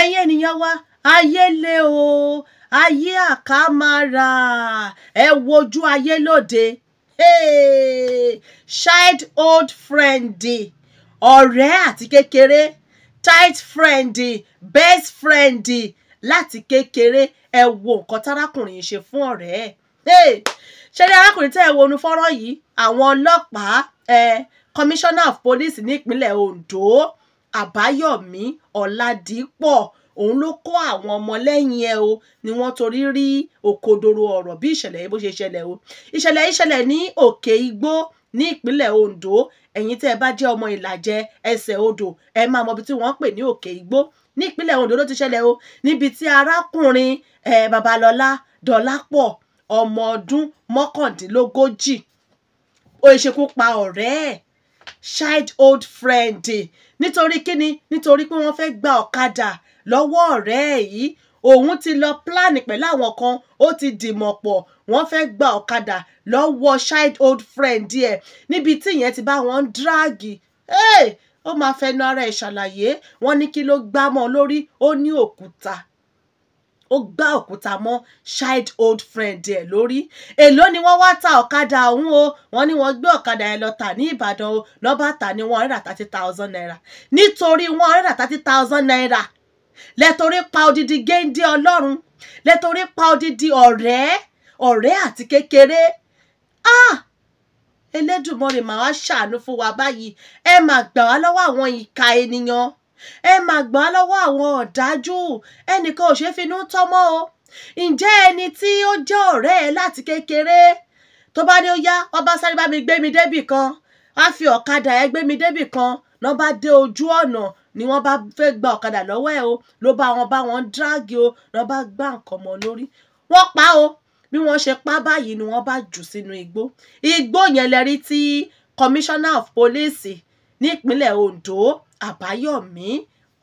ẹ̀yin ènìyàn wa ayé le o ayé àkàmàrà ẹ wojú ayé lóde hey! childhood friend ọ̀rẹ́ àti kékeré tight friend best friend láti kékeré ẹ wo nǹkan tárákùnrin ṣe fún ọ̀rẹ́ ẹ̀ ṣe ní arákùnrin tẹ́ ẹ wọnú fọ́nrán yìí àwọn ọlọ́pàá commissioner of police ní ìpínlẹ̀ Ondo àbáyọ̀mí ọ̀làdìpọ̀ òun ló kó àwọn ọmọlẹ́yìn ẹ o ni wọ́n torí rí òkodoro ọ̀rọ̀ bí ìṣẹ̀lẹ̀ yìí bó ṣe ṣẹlẹ̀ o ìṣẹ̀lẹ̀ yìí ṣẹlẹ̀ ní òkè igbó ní ìpínlẹ̀ Ondo ẹ̀yin tẹ́ ẹ bá jẹ́ ọmọ ìlàjẹ ẹsẹ̀ odò ẹ máa mọ ibi tí wọ́n pè ní òkè igbó ní ìpínlẹ̀ Ondo ló ti ṣẹlẹ̀ o níbi tí arákùnrin ẹ Dọlápọ̀ ọmọ ọdún mọ́kàndínlógójì ó pa ọ̀rẹ́ ẹ̀ childhood friend nítorí kíni nítorí pé wọ́n fẹ́ gba ọ̀kadà lọ́wọ́ ọ̀rẹ́ yìí òun ti lọ plan pẹ̀lú àwọn kan ó ti dìmọ̀ pọ̀ wọ́n fẹ́ gba ọ̀kadà lọ́wọ́ childhood friend ẹ̀ níbi tí ìyẹn ti bá wọn dráàgì ó máa fẹnu ara ẹ̀ ṣàlàyé wọ́n ní kí ló gbámọ́ lórí ó ní òkúta ó gbá òkúta mọ́ childhood friend ẹ̀ lórí èló ni wọ́n wá ta ọ̀kadà ọ̀hún o wọ́n ní wọ́n gbé ọ̀kadà ẹ̀ lọ tà ní Ìbàdàn o lọ́ba tà ní one hundred and thirty thousand naira nítorí one hundred and thirty thousand naira lẹ́torí pa odidi géńdé ọlọ́run lẹ́torí pa odidi ọ̀rẹ́ ọ̀rẹ́ àti kékeré ah Elédùmarè màá wá ṣàánú fún wa báyìí ẹ máa gbà wá lọ́wọ́ àwọn ìka ènìyàn ẹ máa gbà á lọ́wọ́ àwọn ọ̀dájú ẹnìkan ò ṣeé finú tọ́mọ́ o ǹjẹ́ ẹni tí ó jẹ́ ọ̀rẹ́ ẹ láti kékeré tó bá ní ó yá ọba sáré bá mi gbé mi débì kan á fi ọ̀kadà ẹ gbé mi débì kan lọ́ bá dé ojú ọ̀nà ni wọ́n bá fẹ́ gba ọ̀kadà lọ́wọ́ ẹ o ló bá wọn bá wọn dráàgì o lọ́ bá gbá nǹkan mọ́ lórí wọ́n pa o bí wọ́n ṣe pa báyìí ni wọ́n bá jù sínú igbó igbó yẹn lẹ́rí tí commissioner of police nípínlẹ̀ Ondo Àbáyọ̀mí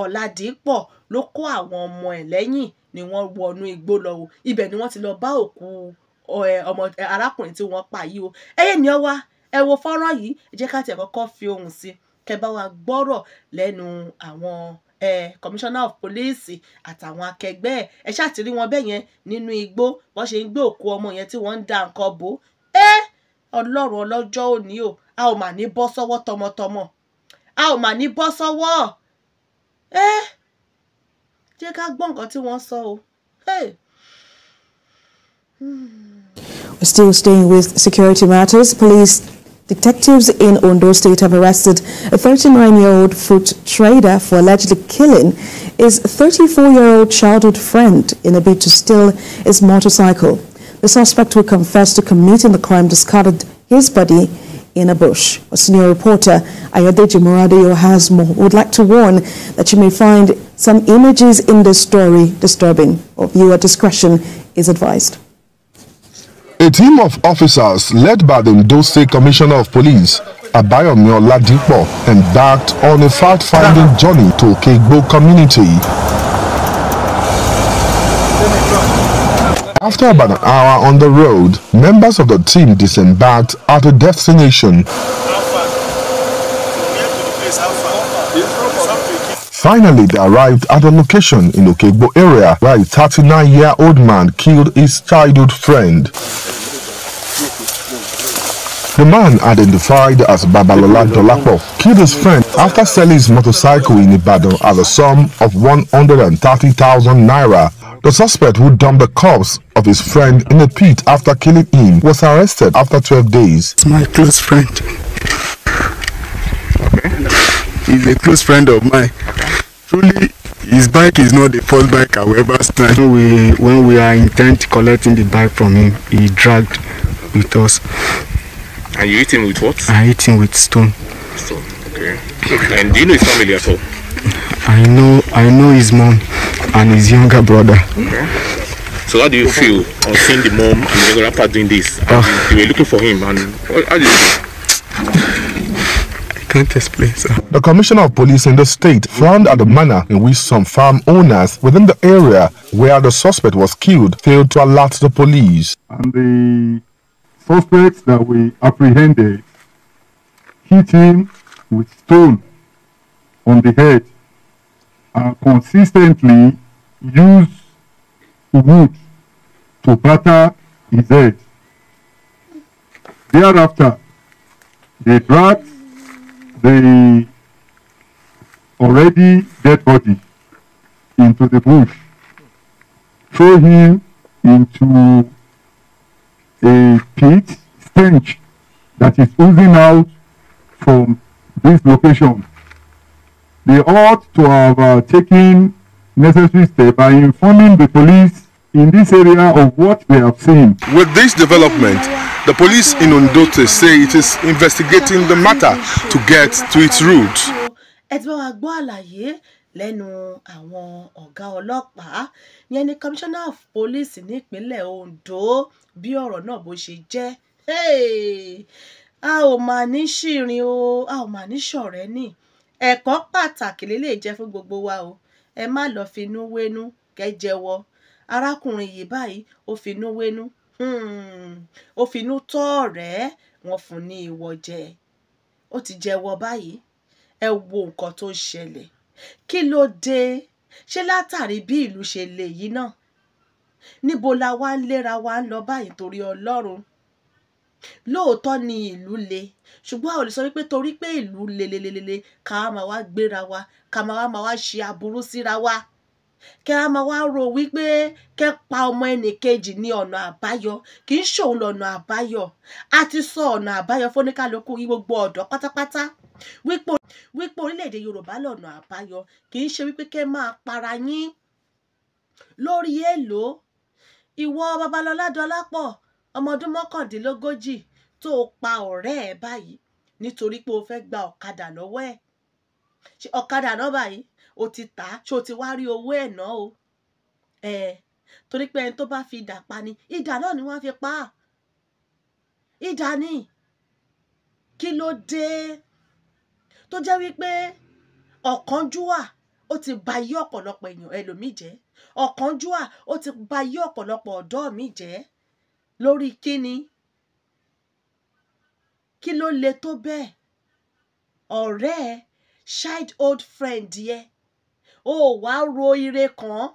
Ọ̀làdìpọ̀ ló kó àwọn ọmọ ẹ̀ lẹ́yìn ni wọ́n wọnú igbó lọ o ibẹ̀ ni wọ́n ti lọ bá òkú ọmọ arákùnrin tí wọ́n pa yìí o ẹyẹ ni ọ wá ẹ wo fọ́nrán yìí jẹ́ ká tiẹ̀ kọ́kọ́ fi ohùn sí kẹ́ wa gbọ́rọ̀ lẹ́nu àwọn commissioner of police àtàwọn akẹgbẹ́ ẹ̀ ẹ ṣàtìrí wọn bẹ́ẹ̀ yẹn nínú igbó wọ́n ṣe ń gbé òkú ọmọ yẹn tí wọ́n ń da nǹkan bò ó ẹ́ ọlọ́run ọlọ́jọ́ òní o a ò mà ní bọ́ sọ́wọ́ tọmọtọmọ a ò mà ní bọ́ sọ́wọ́ ẹ jẹ́ ká gbọ́ nǹkan tí wọ́n sọ o. Hey. We're still staying with security matters. Police Detectives in Ondo State have arrested a 39-year-old fruit trader for allegedly killing his 34-year-old childhood friend in a bid to steal his motorcycle. The suspect who confessed to committing the crime discarded his body in a bush. A senior reporter Ayodeji Moradio has more. Would like to warn that you may find some images in this story disturbing. Of viewer discretion is advised. A team of officers led by the Ndo State Commissioner of Police, Abayomi Oladipo, embarked on a fact-finding journey to Okegbo community After about an hour on the road, members of the team disembarked at a destination. Finally, they arrived at a location in Okegbo area where a 39-year-old man killed his childhood friend. The man, identified as Babalola Dolapo, killed his friend after selling his motorcycle in Ibadan at a sum of 130,000 naira the suspect who dumped the corpse of his friend in a pit after killing him was arrested after 12 days. It's my close friend. He's a close friend of mine. Truly, his bike is not the first bike i ever stand. When we, when we are intent collecting the bike from him, he dragged with us. And you hit him with what? I hit him with stone. Stone, okay. And do you know his family at all? I know, I know his mom and his younger brother. Okay. So how do you feel on seeing the mom and the younger doing this? Uh, you, were looking for him, and how do you? I can't explain, The commissioner of police in the state frowned at the manner in which some farm owners within the area where the suspect was killed failed to alert the police. And the suspects that we apprehended hit him with stone on the head and consistently to wood to batter his head. Thereafter, they dragged the already dead body into the bush, threw him into a pit stench that is oozing out from this location. They ought to have uh, taken necessary step are informing the police in this area of what they have seen. With this development, the police in Ondote say it is investigating the matter to get to its root. lẹ́nu àwọn ọ̀gá ọlọ́pàá ní ẹni commissioner of nípínlẹ̀ Ondo bí ọ̀rọ̀ náà bó ṣe jẹ́ a ò mà ní ṣìrìn o a ò mà ní ṣọ̀rẹ́ ní ẹ̀kọ́ pàtàkì lélẹ́ẹ̀jẹ́ fún gbogbo wa o ẹ má lọ finú wénú kẹ́ jẹ́wọ́ arákùnrin yìí báyìí ó finú wénú hmm, ó finú tọ́ ọ̀rẹ́ wọn fún ní ìwọ jẹ ó ti jẹ́wọ́ báyìí ẹ wo nǹkan tó ṣẹlẹ̀ kí ló dé ṣé látàrí bí ìlú ṣe lè yìí náà níbo la wá ń léra wa ń lọ báyìí torí Ọlọ́run lóòótọ́ ni ìlú le ṣùgbọ́n a ò lè sọ wípé torí pé ìlú lelelelele ká máa wá gbéra wa ká máa máa wá ṣe aburú síra wa kẹ a máa wá rò wípé kẹ pa ọmọ ẹnìkejì ní ọ̀nà àbáyọ kì í ṣòun lọ̀nà àbáyọ a ti sọ ọ̀nà àbáyọ fóníkálukú yí gbogbo ọ̀dọ́ pátápátá wípé orílẹ̀-èdè Yorùbá lọ̀nà àbáyọ kì í ṣe wípé kẹ máa para yín lórí èèlò ìwọ Babalọlá Dọlápọ̀ ọmọ ọdún mọ́kàndínlógójì tó o pa ọ̀rẹ́ ẹ báyìí nítorí pé o fẹ́ gba ọ̀kadà lọ́wọ́ ẹ̀ ṣe ọ̀kadà náà báyìí o ti tà á ṣe o ti wá rí owó ẹ̀ náà o ẹ̀ torí pé ẹni tó bá fi idà pa ni idà náà ni wọ́n fi pa á idà ni kí ló dé tó jẹ́ wípé ọ̀kánjúwà ó ti ba yí ọ̀pọ̀lọpọ̀ èèyàn ẹlòmíì jẹ́ ọ̀kánjúwà ó ti ba yí ọ̀pọ̀lọpọ̀ ọ̀dọ́ mi jẹ́ lórí kíni kí ló le tó bẹ́ẹ̀ ọ̀rẹ́ ẹ childhood friend yẹ o wá ro ire kàn án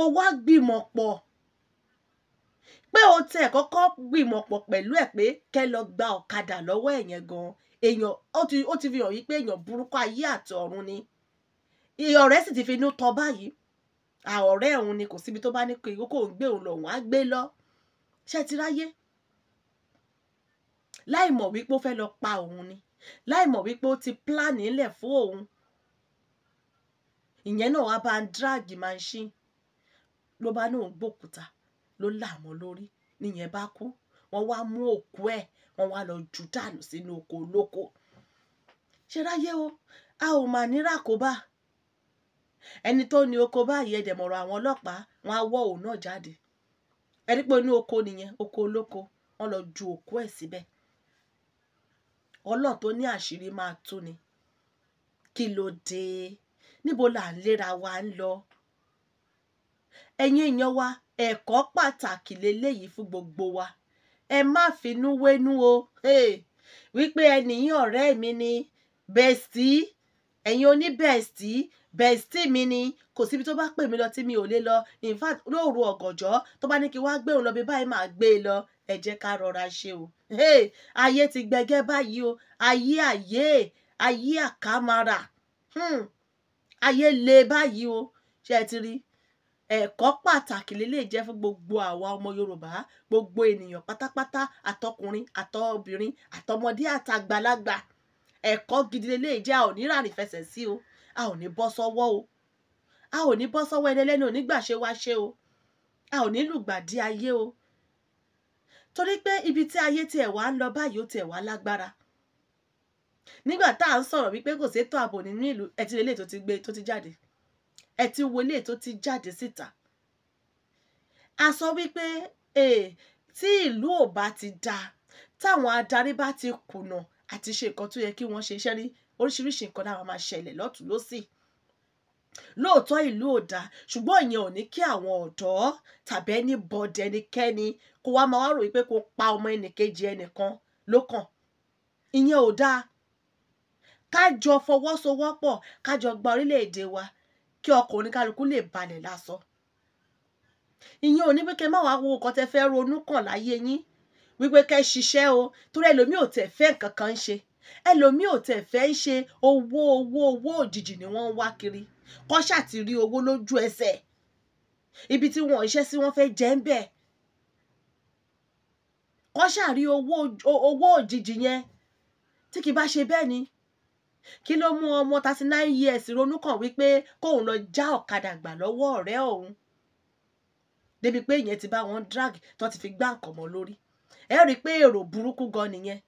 o wá gbìmọ̀ pọ̀ pé o tẹ̀ kọ́kọ́ gbìmọ̀ pọ̀ pẹ̀lú ẹ̀ pé kẹ́ lọ gba ọ̀kadà lọ́wọ́ ẹ̀ yẹn gan èèyàn ó ti fi hàn yí pé èèyàn burúkú ayé àti ọ̀run ni ìyọ̀ sì ti fi inú tọ́ báyìí ọ̀rẹ́ òun ni kò síbi tó bá ní kí kò ń gbé òun lọ òun á gbé lọ ṣé ti ráyé láì mọ̀ wípé ó fẹ́ lọ pa òun ni láì mọ̀ wípé ó ti pílánì ńlẹ̀ fún òun ìyẹn náà wá bá ń dráàgì machine ló bá náà ń gbòkúta ló làmọ́ lórí nìyẹn bá kú wọ́n wá mú òkú ẹ̀ wọ́n wá lọ jù dànù sínú oko olóko ṣe ráyé o a ò mà ní ràkóbá ẹni tó ní oko báyìí ẹ̀dẹ̀ mọ̀rọ̀ àwọn ọlọ́pàá wọn á wọ́ òun náà jáde ẹni pé inú oko nìyẹn oko olóko wọn lọ ju òkú ẹ̀ síbẹ̀ ọlọ́ọ̀ tó ní àṣírí máa tú ni kí ló dé níbo là ń léra wa ń lọ ẹ̀yin èèyàn wa ẹ̀kọ́ pàtàkì lélẹ́yìí fún gbogbo wa ẹ má finú wénú o wípé ẹnìyàn ọ̀rẹ́ mi ni bẹ́ẹ̀sì ẹ̀yin oníbẹ́ẹ̀sì bestie mi ni kò síbi tó bá pè mí lọ tí mi ò lè lọ in fact lóòru ọ̀gànjọ́ tó bá ní kí wá gbé òun lọ bí báyìí máa gbé e lọ ẹ jẹ́ ká rọra ṣe o hey ayé ti gbẹgẹ́ báyìí o ayé ayé ayé àkàmàrà hmm ayé le báyìí o ṣe ti rí ẹ̀kọ́ pàtàkì lélẹ̀ jẹ́ fún gbogbo àwa ọmọ Yorùbá gbogbo ènìyàn pátápátá àtọkùnrin àtọbìnrin àtọmọdé àtàgbàlagbà ẹ̀kọ́ gidi lélẹ̀ jẹ́ a ò sí o a ò ní bọ́ sọ́wọ́ o a ò ní bọ́ sọ́wọ́ ẹlẹ́lẹ́ni onígbàṣe wa ṣe o a ò ní lùgbàdì ayé o torí pé ibi tí ayé tiẹ̀ wá ń lọ báyìí ó tiẹ̀ wá lágbára nígbà tá à ń sọ̀rọ̀ wípé kò sétò ààbò nínú ìlú ẹ ti lélẹ̀ tó ti gbé tó ti jáde ẹ ti wọlé tó ti jáde síta a sọ wípé ee tí ìlú ò bá ti dáa táwọn adarí bá ti kùnà àti ṣe nǹkan tó yẹ kí wọ́n ṣe iṣẹ́ rí oríṣiríṣi nǹkan náà máa ṣẹlẹ̀ lọ́tún lọ́sì lóòótọ́ ìlú ò dáa ṣùgbọ́n ìyẹn ò ní kí àwọn ọ̀dọ́ tàbí ẹni bọ̀dẹ̀ ẹnikẹ́ni kó wá máa wá rò wípé kó pa ọmọ ẹnìkejì ẹnìkan lókàn ìyẹn ò dáa ká jọ fọwọ́sowọ́pọ̀ ká jọ gba orílẹ̀-èdè wa kí ọkàn oníkálukú lè balẹ̀ lásán ìyẹn ò ní pé kẹ má wàá wo nǹkan tẹ fẹ́ ronú kàn láyé yín wípé kẹ ṣiṣẹ́ o torí ẹlòmíì ò tẹ̀ fẹ́ nǹkan kan ń ṣe ẹlòmíì ò tẹ̀ fẹ́ ṣe owó owó owó òjijì ni wọ́n ń wá kiri kọ́ ṣàti rí owó lójú ẹsẹ̀ ibi tí wọ́n iṣẹ́ sí wọ́n fẹ́ jẹ́ ń bẹ̀ kọ́ ṣàrí owó owó òjijì yẹn tí kì bá ṣe bẹ́ẹ̀ ni kí ló mú ọmọ thirty nine years ronú kàn wípé kóun lọ já ọ̀kadà gbà lọ́wọ́ ọ̀rẹ́ òun débi pé ìyẹn ti bá wọn drag tó ti fi gbá nǹkan mọ́ lórí ẹ rí i pé èrò burúkú gan nìyẹn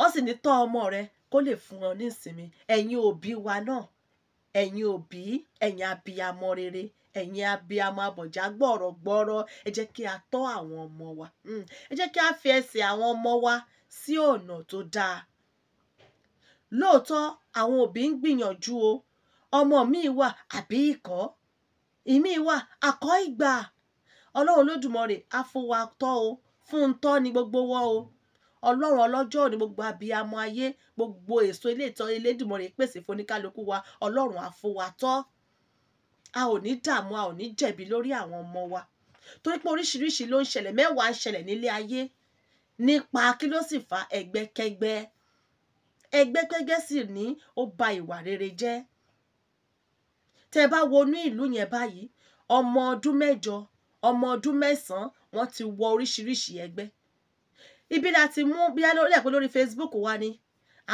wọ́n sì ní tọ́ ọmọ rẹ kó lè fún ọ ní ìsinmi ẹ̀yin òbí wa náà ẹ̀yin òbí ẹ̀yin abiyamọ rere ẹ̀yin abiyamọ abọ̀já gbọ̀rọ̀ gbọ́rọ̀ ẹ jẹ́ kí a tọ́ àwọn ọmọ wa hmm, ẹ jẹ́ kí a fi ẹsẹ̀ àwọn ọmọ wa sí ọ̀nà tó dáa lóòótọ́ àwọn òbí ń gbìyànjú o ọmọ mi wà àbí ikọ́ ìmí wà àkọ́ ìgbà ọlọ́run lódùmarè á fún wa tọ́ o fún un tọ́ ni gbogbo wọ́ o ọlọ́run ọlọ́jọ́ òní gbogbo abiyamọ ayé gbogbo èso ilé ìtọ́ Elédùmarè pèsè foníkálukú wa ọlọ́run àfọwàtọ́ a ò ní dààmú a ò ní jẹ̀bi lórí àwọn ọmọ wa torí pé oríṣiríṣi ló ń ṣẹlẹ̀ mẹ́wàá ń ṣẹlẹ̀ nílé ayé nípa kí ló sì fa ẹgbẹ́kẹ́gbẹ́ ẹgbẹ́kẹ́gbẹ́ sì ní ó ba ìwà rere jẹ́ tẹ bá wọnú ìlú yẹn báyìí ọmọ ọdún mẹ́jọ ọmọ ọdún mẹ́sàn-án wọ́n ti wọ oríṣiríṣi ẹgbẹ́ ibi láti mú bíyá lórí ẹ̀pẹ́ lórí Facebook wa ni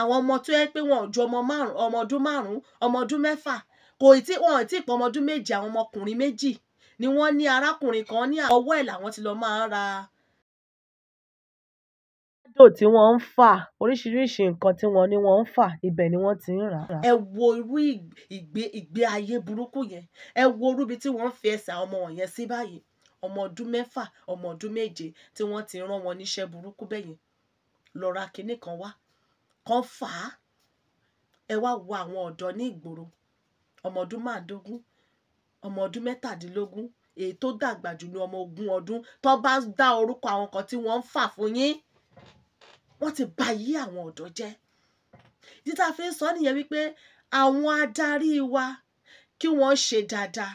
àwọn ọmọ tó yẹ pé wọn ò ju ọmọ márùn ọmọ ọdún márùn ọmọ ọdún mẹ́fà kò tí wọn ò tí ì pọ ọmọ ọdún méje àwọn ọmọkùnrin méjì ni wọ́n ní arákùnrin kan ní ọwọ́ ẹ̀ làwọn ti lọ máa ń ra dò tí wọ́n ń fà oríṣiríṣi nǹkan tí wọ́n ní wọ́n ń fà ibẹ̀ ni wọ́n ti ń rà. ẹ wo irú ìgbé ìgbé ayé burúkú yẹn ẹ wo orúbi tí wọ́n ń fi ẹsẹ̀ àwọn ọmọ yẹn sí báyìí ọmọ ọdún mẹ́fà ọmọ ọdún méje tí wọ́n ti rán wọn níṣẹ́ burúkú bẹ́yẹn lọ ra kinní kan wá kan fà á ẹ wá wo àwọn ọ̀dọ́ ní ìgboro ọmọ ọdún máàdógún ọmọ ọdún mẹ́tàdínlógún èyí tó dàgbà jù ní ọmọ ogún ọdún tó bá dá orúkọ àwọn kan tí wọ́n ń fà fún yín wọ́n ti bà yí àwọn ọ̀dọ́ jẹ́ títà sọ nìyẹn wípé àwọn adarí wa kí wọ́n ṣe dáadáa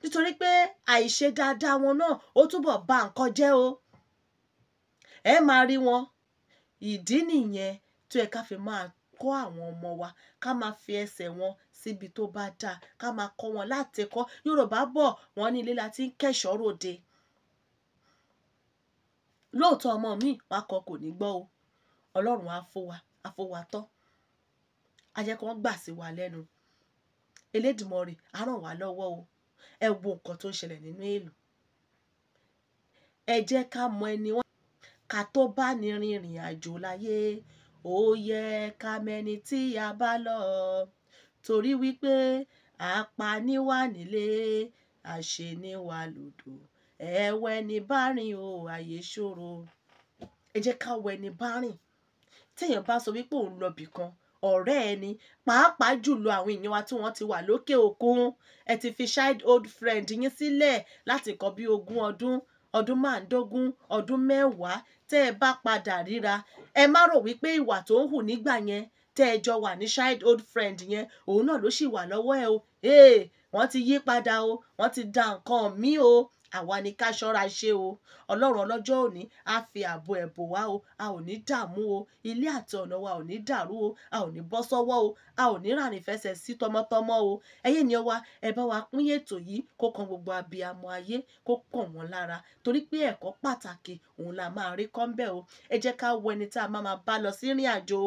nítorí pé àìṣe dáadáa wọn náà ó túbọ̀ ba nǹkan jẹ́ o ẹ máa rí wọn ìdí nìyẹn tó yẹ ká fi máa kọ́ àwọn ọmọ wa ká máa fi ẹsẹ̀ wọn síbi tó bá dáa ká máa kọ́ wọn láti kọ́ Yorùbá bọ̀ wọ́n ní ilé la ti ń kẹ́ṣọ̀ọ́ ròde lóòótọ́ ọmọ mi wàá kọ́ kò ní gbọ́ o Ọlọ́run á fún wa á fún wa tán ajẹ́kọ́ gbà sí wa lẹ́nu Elédùmarè á ràn wá lọ́wọ́ o ẹ wo nǹkan tó ń ṣẹlẹ̀ nínú ìlú ẹ jẹ́ ká mọ ẹni wọn ká tó bá ní rin ìrìn àjò láyé ó yẹ ká mẹni tí a bá lọ torí wípé apaniwá nílé àṣeniwá lòdò ẹwẹ ni bá rìn o àyè ṣòro ẹ jẹ́ ká wẹ ni bá rìn téèyàn bá sọ wípé òun lọ bìkan ọ̀rẹ́ ẹni pàápàá jùlọ àwọn èèyàn wa tí wọ́n ti wà lókè òkun ẹ ti fi old friend yín sílẹ̀ láti kọ́ bí ogún ọdún ọdún márùndógún ọdún mẹ́wàá tẹ́ ẹ bá padà ríra ẹ má rò wípé ìwà tó ń hù nígbà yẹn tẹ́ ẹ jọ wà ní old friend yẹn òun náà ló sì wà lọ́wọ́ ẹ o wọ́n ti yí padà o wọ́n ti da nǹkan míì o àwa ni ká ṣọ́ra ṣe o ọlọ́run ọlọ́jọ́ òní á fi ààbò ẹ̀bò wá o a ò ní dààmú o ilé àti ọ̀nà wa ò ní dàrú o a ò ní bọ́ sọ́wọ́ o a ò ní ràrìn fẹsẹ̀ sí tọmọtọmọ o ẹyẹ ni wa ẹ bá wa pín ètò yìí kó kan gbogbo abiyamọ ayé kó kàn wọ́n lára torí pé ẹ̀kọ́ pàtàkì òun la máa rí kọ́ńbẹ́ o ẹ jẹ́ ká wo ẹni tá a máa máa bá lọ sí ìrìn àjò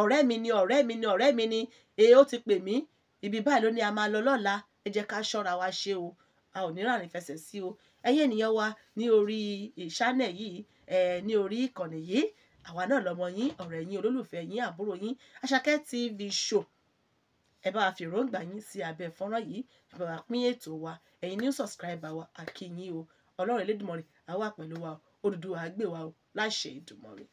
ọ̀rẹ́ mi ni ọ̀rẹ́ mi ni ọ̀rẹ́ mi ni èé ó ti pè mí ibi báyìí ló ní a máa lọ lọ́la ẹ jẹ́ ká ṣọ́ra wa ṣe o a ò ní ràrìn fẹsẹ̀ sí o ẹ̀yin ènìyàn wa ní orí ìṣánẹ̀ eh, yìí ẹ̀ eh, ní orí ìkànnì yìí àwa náà lọmọ yín ọ̀rẹ́ yín olólùfẹ́ yín àbúrò yín Àṣàkẹ́ TV show ẹ bá wa fi èròǹgbà yín sí abẹ́ fọ́nrán yìí ẹ bá wa pín ètò wa ẹ̀yin new subscriber wa a kí yín o ọlọ́run Elédùmarè á pẹ̀lú wa o Odùduwà á wa o láṣẹ Èdùmàrè.